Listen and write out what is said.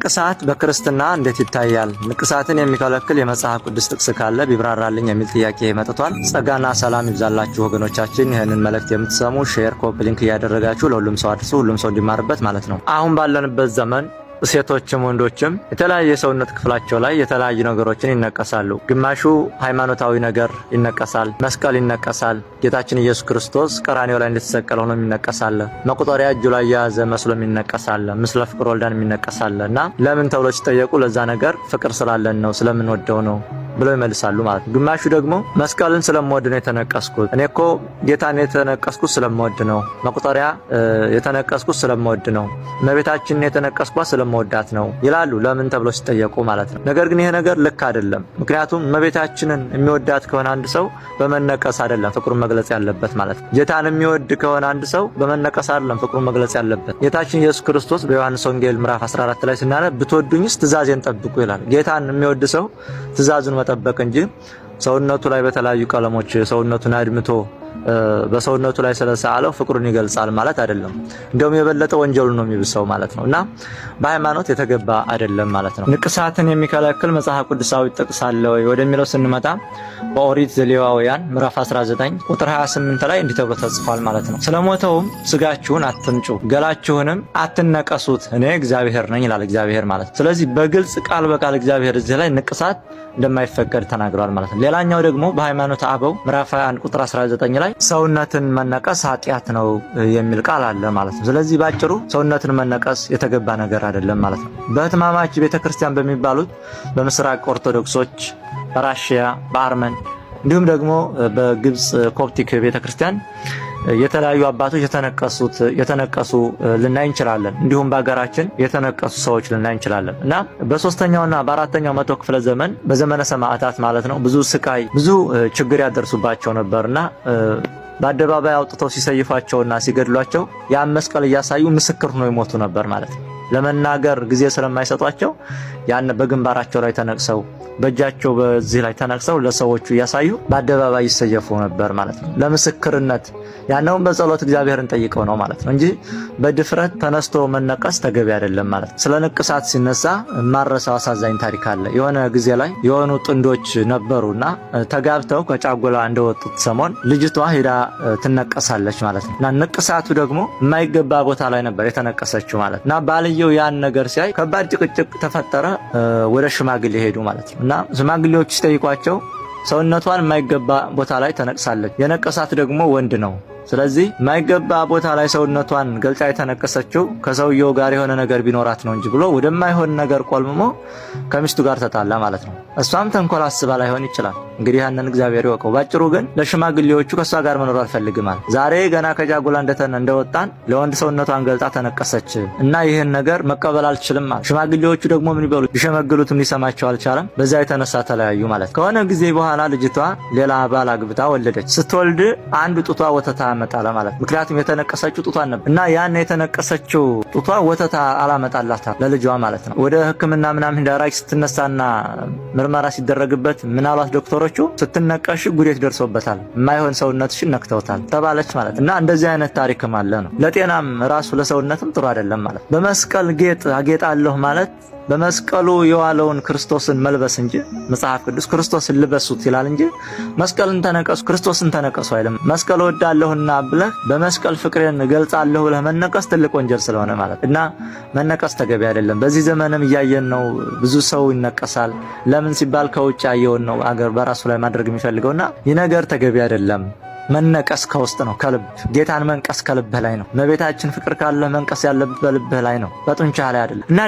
ንቅሳት በክርስትና እንዴት ይታያል? ንቅሳትን የሚከለክል የመጽሐፍ ቅዱስ ጥቅስ ካለ ቢብራራልኝ የሚል ጥያቄ መጥቷል። ጸጋና ሰላም ይብዛላችሁ ወገኖቻችን። ይህንን መልእክት የምትሰሙ ሼር፣ ኮፕ ሊንክ እያደረጋችሁ ለሁሉም ሰው አድርሱ፣ ሁሉም ሰው እንዲማርበት ማለት ነው። አሁን ባለንበት ዘመን ሴቶችም ወንዶችም የተለያየ የሰውነት ክፍላቸው ላይ የተለያዩ ነገሮችን ይነቀሳሉ። ግማሹ ሃይማኖታዊ ነገር ይነቀሳል፣ መስቀል ይነቀሳል። ጌታችን ኢየሱስ ክርስቶስ ቀራኔው ላይ እንደተሰቀለ ሆኖ ይነቀሳለ፣ መቁጠሪያ እጁ ላይ የያዘ መስሎ ይነቀሳለ፣ ምስለ ፍቅር ወልዳን ይነቀሳለ እና ለምን ተብሎ ሲጠየቁ ለዛ ነገር ፍቅር ስላለን ነው ስለምንወደው ነው ብለው ይመልሳሉ ማለት ነው። ግማሹ ደግሞ መስቀልን ስለምወድ ነው የተነቀስኩት። እኔ እኮ ጌታን የተነቀስኩት ስለምወድ ነው። መቁጠሪያ የተነቀስኩት ስለምወድ ነው። እመቤታችንን የተነቀስኳት ስለምወዳት ነው ይላሉ፣ ለምን ተብሎ ሲጠየቁ ማለት ነው። ነገር ግን ይሄ ነገር ልክ አይደለም። ምክንያቱም እመቤታችንን የሚወዳት ከሆነ አንድ ሰው በመነቀስ አይደለም ፍቅሩን መግለጽ ያለበት ማለት ነው። ጌታን የሚወድ ከሆነ አንድ ሰው በመነቀስ አይደለም ፍቅሩን መግለጽ ያለበት። ጌታችን ኢየሱስ ክርስቶስ በዮሐንስ ወንጌል ምዕራፍ 14 ላይ ስናነ ብትወዱኝስ ትእዛዜን ጠብቁ ይላል። ጌታን የሚወድ ሰው ትእዛዙን መጠበቅ እንጂ ሰውነቱ ላይ በተለያዩ ቀለሞች ሰውነቱን አድምቶ በሰውነቱ ላይ ስለሰአለው ፍቅሩን ይገልጻል ማለት አይደለም። እንደውም የበለጠ ወንጀሉ ነው የሚብሰው ማለት ነው እና በሃይማኖት የተገባ አይደለም ማለት ነው። ንቅሳትን የሚከለክል መጽሐፍ ቅዱሳዊ ጥቅስ አለ ወይ ወደሚለው ስንመጣ በኦሪት ዘሌዋውያን ምዕራፍ 19 ቁጥር 28 ላይ እንዲህ ተብሎ ተጽፏል ማለት ነው። ስለሞተውም ስጋችሁን አትንጩ፣ ገላችሁንም አትነቀሱት፣ እኔ እግዚአብሔር ነኝ ይላል እግዚአብሔር ማለት ነው። ስለዚህ በግልጽ ቃል በቃል እግዚአብሔር እዚህ ላይ ንቅሳት እንደማይፈቀድ ተናግሯል ማለት ነው። ሌላኛው ደግሞ በሃይማኖት አበው ምዕራፍ 21 ቁጥር 19 ላይ ሰውነትን መነቀስ ኃጢአት ነው የሚል ቃል አለ ማለት ነው። ስለዚህ ባጭሩ ሰውነትን መነቀስ የተገባ ነገር አይደለም ማለት ነው። በህትማማች ቤተክርስቲያን በሚባሉት በምስራቅ ኦርቶዶክሶች፣ በራሽያ፣ በአርመን እንዲሁም ደግሞ በግብፅ ኮፕቲክ ቤተክርስቲያን የተለያዩ አባቶች የተነቀሱት የተነቀሱ ልናይ እንችላለን። እንዲሁም በሀገራችን የተነቀሱ ሰዎች ልናይ እንችላለን እና በሶስተኛውና በአራተኛው መቶ ክፍለ ዘመን በዘመነ ሰማዕታት ማለት ነው ብዙ ስቃይ፣ ብዙ ችግር ያደርሱባቸው እና በአደባባይ አውጥተው ሲሰይፏቸውና ሲገድሏቸው ያን መስቀል እያሳዩ ምስክር ሆነው ይሞቱ ነበር ማለት ነው። ለመናገር ጊዜ ስለማይሰጧቸው ያን በግንባራቸው ላይ ተነቅሰው በእጃቸው በዚህ ላይ ተነቅሰው ለሰዎቹ እያሳዩ በአደባባይ ይሰየፉ ነበር ማለት ነው። ለምስክርነት ያነውን በጸሎት እግዚአብሔርን ጠይቀው ነው ማለት ነው እንጂ በድፍረት ተነስቶ መነቀስ ተገቢ አይደለም ማለት ነው። ስለ ንቅሳት ሲነሳ ማረሳው አሳዛኝ ታሪክ አለ። የሆነ ጊዜ ላይ የሆኑ ጥንዶች ነበሩና ተጋብተው ከጫጉላ እንደወጡት ሰሞን ልጅቷ ሄዳ ትነቀሳለች ማለት ነው እና ንቅሳቱ ደግሞ የማይገባ ቦታ ላይ ነበር የተነቀሰችው ማለት እና ባልየ ሰውየው ያን ነገር ሲያይ ከባድ ጭቅጭቅ ተፈጠረ። ወደ ሽማግሌ ሄዱ ማለት ነው እና ሽማግሌዎች ሲጠይቋቸው ሰውነቷን የማይገባ ቦታ ላይ ተነቅሳለች፣ የነቀሳት ደግሞ ወንድ ነው። ስለዚህ የማይገባ ቦታ ላይ ሰውነቷን ገልጻ የተነቀሰችው ከሰውየው ጋር የሆነ ነገር ቢኖራት ነው እንጂ ብሎ ወደማይሆን ነገር ቆልምሞ ከሚስቱ ጋር ተጣላ ማለት ነው። እሷም ተንኮል አስባ ላይሆን ይችላል። እንግዲህ ያንን እግዚአብሔር ይወቀው። ባጭሩ ግን ለሽማግሌዎቹ ከእሷ ጋር መኖር አልፈልግም አለ። ዛሬ ገና ከጃጉላ እንደተነ እንደወጣን ለወንድ ሰውነቷን ገልጣ ተነቀሰች እና ይህን ነገር መቀበል አልችልም አለ። ሽማግሌዎቹ ደግሞ ምን ይበሉ ቢሸመግሉትም ሊሰማቸው አልቻለም። በዚያ የተነሳ ተለያዩ ማለት ከሆነ ጊዜ በኋላ ልጅቷ ሌላ ባል አግብታ ወለደች። ስትወልድ አንድ ጡቷ ወተታ አመጣለ ማለት ምክንያቱም የተነቀሰችው ጡቷ ነበር እና ያን የተነቀሰችው ጡቷ ወተታ አላመጣላታ ለልጇ ማለት ነው። ወደ ሕክምና ምናምን ዳራጅ ስትነሳና ምርመራ ሲደረግበት ምናሏት ዶክተሮቹ ስትነቀሽ ጉዴት ደርሶበታል፣ የማይሆን ሰውነትሽ ነክተውታል ተባለች ማለት እና እንደዚህ አይነት ታሪክም አለ ነው። ለጤናም ራሱ ለሰውነትም ጥሩ አይደለም ማለት በመስቀል ጌጥ አጌጣለሁ ማለት በመስቀሉ የዋለውን ክርስቶስን መልበስ እንጂ መጽሐፍ ቅዱስ ክርስቶስን ልበሱት ይላል እንጂ መስቀልን ተነቀሱ ክርስቶስን ተነቀሱ አይልም። መስቀል ወዳለሁና ብለህ በመስቀል ፍቅሬን ገልጻለሁ ብለህ መነቀስ ትልቅ ወንጀል ስለሆነ ማለት እና መነቀስ ተገቢ አይደለም። በዚህ ዘመንም እያየን ነው። ብዙ ሰው ይነቀሳል። ለምን ሲባል ከውጭ ያየውን ነው አገር በራሱ ላይ ማድረግ የሚፈልገውና ይህ ነገር ተገቢ አይደለም። መነቀስ ከውስጥ ነው፣ ከልብ ጌታን መንቀስ ከልብህ ላይ ነው። መቤታችን ፍቅር ካለ መንቀስ ያለብህ በልብህ ላይ ነው፣ በጡንቻህ ላይ አይደለም እና